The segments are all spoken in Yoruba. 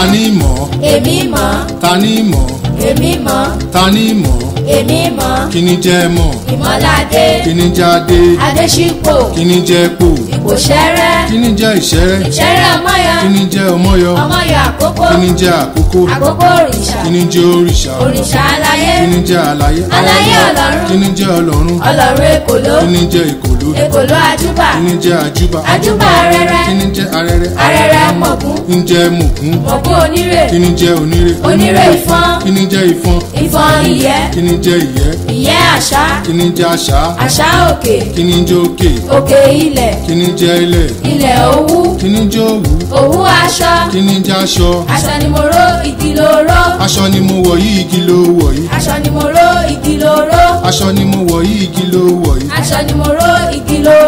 Tani ni mọ̀. èmi mọ̀. ta ni mọ̀. èmi mọ̀. ta ni mọ̀. èmi mọ̀. kíni jẹ́ mọ̀. ìmọ̀ládé. kíni jáde. adéṣípò. kíni jẹ́ pò. ìkòṣẹ́rẹ́. kíni jẹ́ ìṣẹ́rẹ́. ìṣẹ́rẹ́ ọmọyọ. kíni jẹ́ ọmọyọ. ọmọyọ àkókò. kíni jẹ́ àkókò. àkókò òrìṣà. kíni jẹ́ òrìṣà. òrìṣà aláyé. kíni jẹ́ aláyé. aláyé ọlọ́run. kíni jẹ́ ọlọ́run. ọlọ́run èkòló. kíni jẹ́ èkòló ìlú Ajuba, àjúbà kí ni jẹ́ àjúbà àjúbà arẹrẹ kí ni jẹ́ arẹrẹ arẹrẹ mọ̀gún kí ni jẹ́ mọ̀gún mọ̀gún onírè kí ni jẹ́ onírè onírè ìfọ́n kí ni jẹ́ ìfọ́n ìfọ́n ìyẹ́ kí ni jẹ́ ìyẹ́ ìyẹ́ àṣá kí ni jẹ́ àṣá àṣá òkè kí ni jẹ́ òkè kíní jó òwú. òwú aṣọ. kíní jẹ́ aṣọ. aṣọ ni mo ró igi ló ró. aṣọ ni mo wọ̀ yí igi ló wọ̀ yí. aṣọ ni mo ró igi ló aṣọ ni mo wọ̀ yí igi ló wọ̀ yí. aṣọ ni mo ró igi ló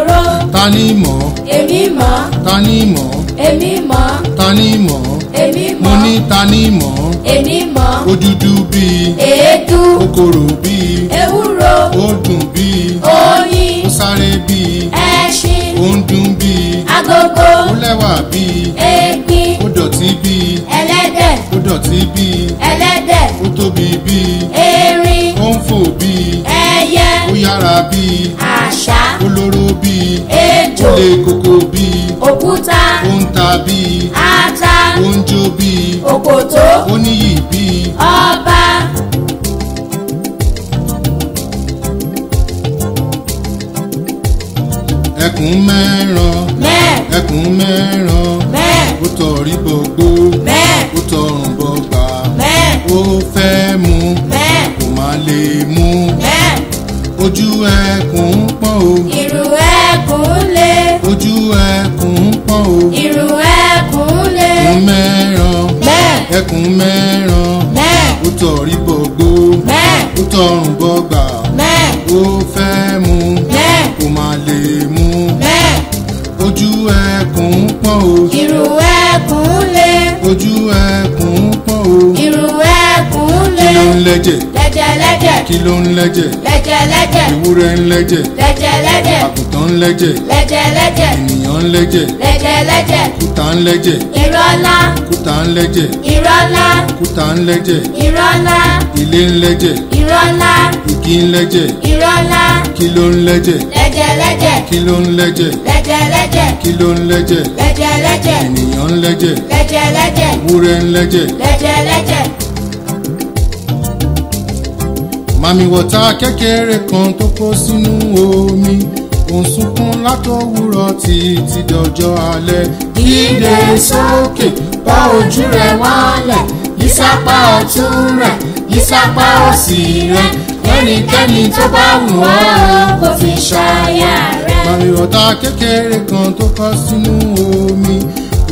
ta ni mọ̀. èmi mọ̀. ta ni mọ̀. èmi mọ̀. ta ni mọ̀. èmi mọ̀. mo ní ta ni mọ̀. èmi mọ̀. ó dúdú bíi. èédú. kòkòrò bíi. ewúro. ó dùn bíi. oyin. ó sáré bíi. ẹṣin. ó ń dún bíi agogo ó lẹ́wà bíi egbin ó dọ̀tí bíi ẹlẹ́dẹ̀ ó dọ̀tí bíi ẹlẹ́dẹ̀ ó tóbi bíi erin ó ń fò bíi ẹyẹ ó yára bíi àṣá ó lóró bíi ejò ó le koko bíi òkúta ó ń ta bíi ata ó ń jó bíi òkòtó ó níyì bíi ọba. ẹkùn mẹ́ràn ẹkùn mẹ́ràn ó tọrí bọgbó ó tọrùn bọgbà ó fẹ́ mu kò má lè mu ojú ẹkùn pọ́n o ìrù ẹkùn lé ojú ẹkùn pọ́n o ìrù ẹkùn lé ẹkùn mẹ́ràn ẹkùn mẹ́ràn ó tọrí bọgbó ó tọrùn bọgbà ó fẹ́ mu kò má lè mu ẹkùn pọ̀ o. ìrù ẹkùn le. ojú ẹkùn pọ̀ o. ìrù ẹkùn le. kí ló ń lẹ́jẹ̀ lẹ́jẹ̀ lẹ́jẹ̀. kí ló ń lẹ́jẹ̀. lẹ́jẹ̀ lẹ́jẹ̀. ewúrẹ́ ń lẹ́jẹ̀. lẹ́jẹ̀ lẹ́jẹ̀. àgùntàn ń lẹ́jẹ̀. lẹ́jẹ̀ lẹ́jẹ̀. ènìyàn ń lẹ́jẹ̀. lẹ́jẹ̀ lẹ́jẹ̀. òkúta ń lẹ́jẹ̀. irọ́ ńlá. òkúta ń lẹ́jẹ̀. irọ́ ńlá. òkúta ń lẹ́jẹ̀. irọ́ ńlá. ilé ń lẹ́jẹ̀. irọ́ ńlá. igi ń lẹ́jẹ̀. irọ́ ńlá. kí ló ń lẹ́jẹ̀. lẹ́jẹ̀ kí ló ń lẹ́jẹ̀. lẹ́jẹ̀ kí ló ń lẹ́jẹ̀. lẹ́jẹ̀ ènìyàn ń lẹ́jẹ̀. lẹ́jẹ̀ lẹ́jẹ̀. ń lẹ́jẹ̀. lẹ́jẹ̀ Mami wọ̀tá kékeré kan tó kó sínú omi òun sunkún látòwúrọ̀ títí dọjọ́ alẹ́. dìde sókè bọ́ ojú rẹ̀ wálẹ̀ yísápá ọ̀tún rẹ̀ yísápá òsì rẹ̀ lẹ́nikẹ́ni tó bá wù ọ́ kó fi ṣàyà rẹ̀. màmí wọ̀tá kékeré kan tó kó sínú omi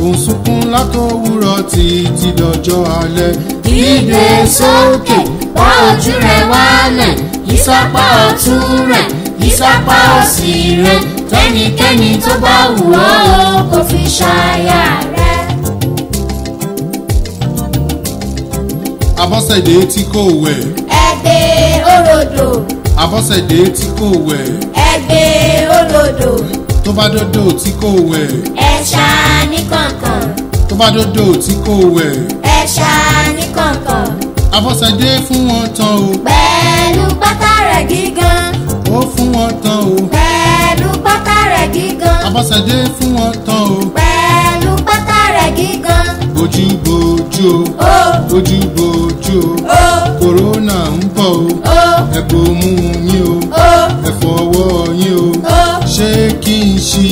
òun sunkún látòwúrọ̀ títí dọjọ́ alẹ́. Kígbe sókè bá ojú rẹ̀ wálẹ̀ ìsapá ọ̀tún rẹ̀ ìsapá òsì rẹ̀ tẹ́nikẹ́ni tó bá wù ọ́ kò fi ṣàyà rẹ̀. Abọ́sẹ̀dé tí kò wẹ̀. Ẹgbẹ́ olódò. Abọ́sẹ̀dé tí kò wẹ̀. Ẹgbẹ́ olódò tó bá dódò tí kò wẹ̀. ẹ ṣá ní kọ̀ọ̀kan. tó bá dódò tí kò wẹ̀. ẹ ṣá ní kọ̀ọ̀kan. afọ̀sẹ̀dé fún wọn tán o. pẹ̀lú pátá rẹ̀ gígan. ó fún wọn tán o. pẹ̀lú pátá rẹ̀ gígan. afọ̀sẹ̀dé fún wọn tán o. pẹ̀lú pátá rẹ̀ gígan. ojú bojú o. ojú bojú o. kòrónà ń bọ̀ o. ẹ mú yín o. ẹ fọwọ́ yín o. ṣé ṣí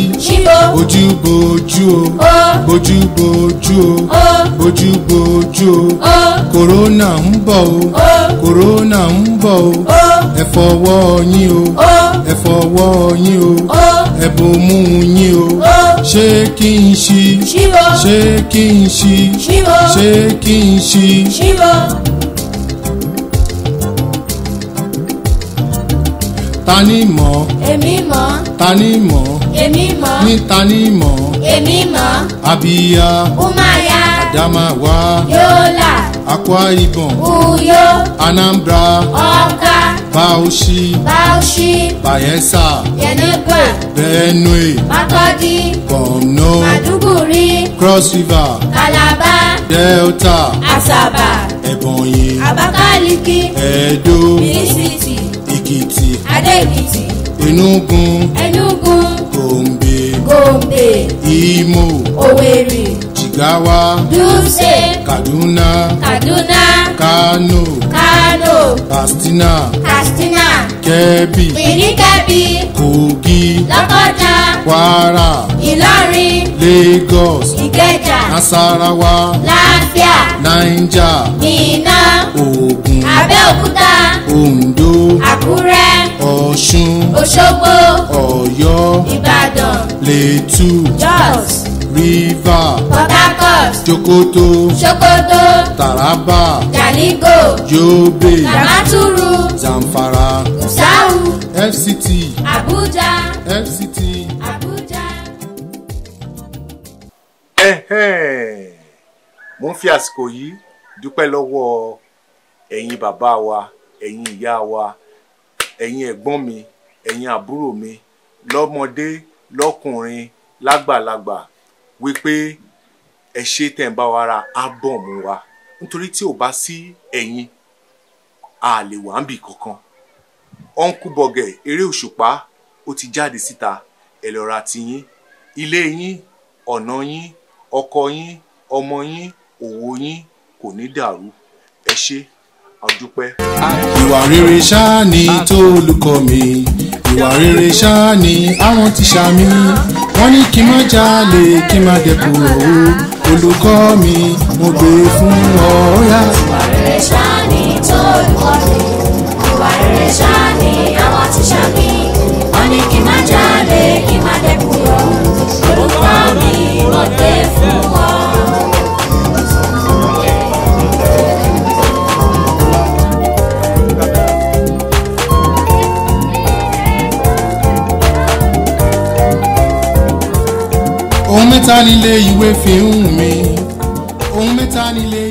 bójúbójú o bójúbójú o bójúbójú o kòrónà ń bọ̀ o kòrónà ń bọ̀ o ẹ fọwọ́ yín o ẹ fọwọ́ yín o ẹ bomú yín o ṣé kí n ṣí ṣé kí n ṣí ṣé kí n ṣí. ta ni mọ̀. èmi mọ̀. ta ni mọ̀. èmi mọ̀. ní ta ni mọ̀. èmi mọ̀. abiya. umaya. adamawa. yola. akwa ibom. uyo. anambra. ọ̀ka. bauchi. bauchi. bayelsa. yenagoa. benue. makurdi. borno. maduguri. cross river. calabar. delta. asaba. ebonyi. abakaliki. edo. minisiti. Èkìtì Adó-Èkìtì Enugu Enugu Gombe Gombe Imo Owerri. Jigawa, Dutse, Kaduna, Kaduna, Kano, Kano, Katsina, Katsina, Kebbi, Ìní Kebbi, Kogi, Lọ́kọ́jà, Kwara, Ìlọrin, Lagos, Ìkẹjà, Nasarawa, Lafia, Niger, Minna, Ogun, Abẹ́òkúta, Ondo, Àkúrẹ́, Ọ̀ṣun, Òṣogbo, Ọ̀yọ́, Ìbàdàn, Lẹ́tù, Jos. River, Port Harcourt, Sokoto, Sokoto, Taraba, Jalingo, Yobe, Damaturu, Zamfara, Gusau, FCT, Abuja, FCT, Abuja. Ẹ̀hẹ́n, mo ń fi àsìkò yìí dúpẹ́ lọ́wọ́ ẹ̀yin bàbá wa, ẹ̀yin ìyá wa, ẹ̀yin ẹ̀gbọ́n mi, ẹ̀yin àbúrò mi, lọ́mọdé, lọ́kùnrin, lágbàlagbà wípé ẹ ṣe tẹ̀ ń bá wa ra ábọ̀mù wa nítorí tí ò bá sí ẹ̀yin a lè wà ń bì kankan ọ̀nkú bọ̀gẹ̀ eré òṣùpá ó ti jáde síta ẹ lọ ra tiyín ilé yín ọ̀nà yín ọkọ yín ọmọ yín òwò yín kò ní dàrú ẹ ṣe àdúpẹ́. ìwà rere ṣáà ni tó olùkọ́ mi ìwà rere ṣáá ni àwọn ti ṣàmì wọ́n ní kí n má jalè kí n má dẹkùn ọ̀hún olùkọ́ mi mo gbé fún ọ̀ọ́yà. ìwà rere ṣáá ni tó olùkọ́ mi. mẹ́ta nílé ìwé fi ń mi ohun mẹ́ta nílé.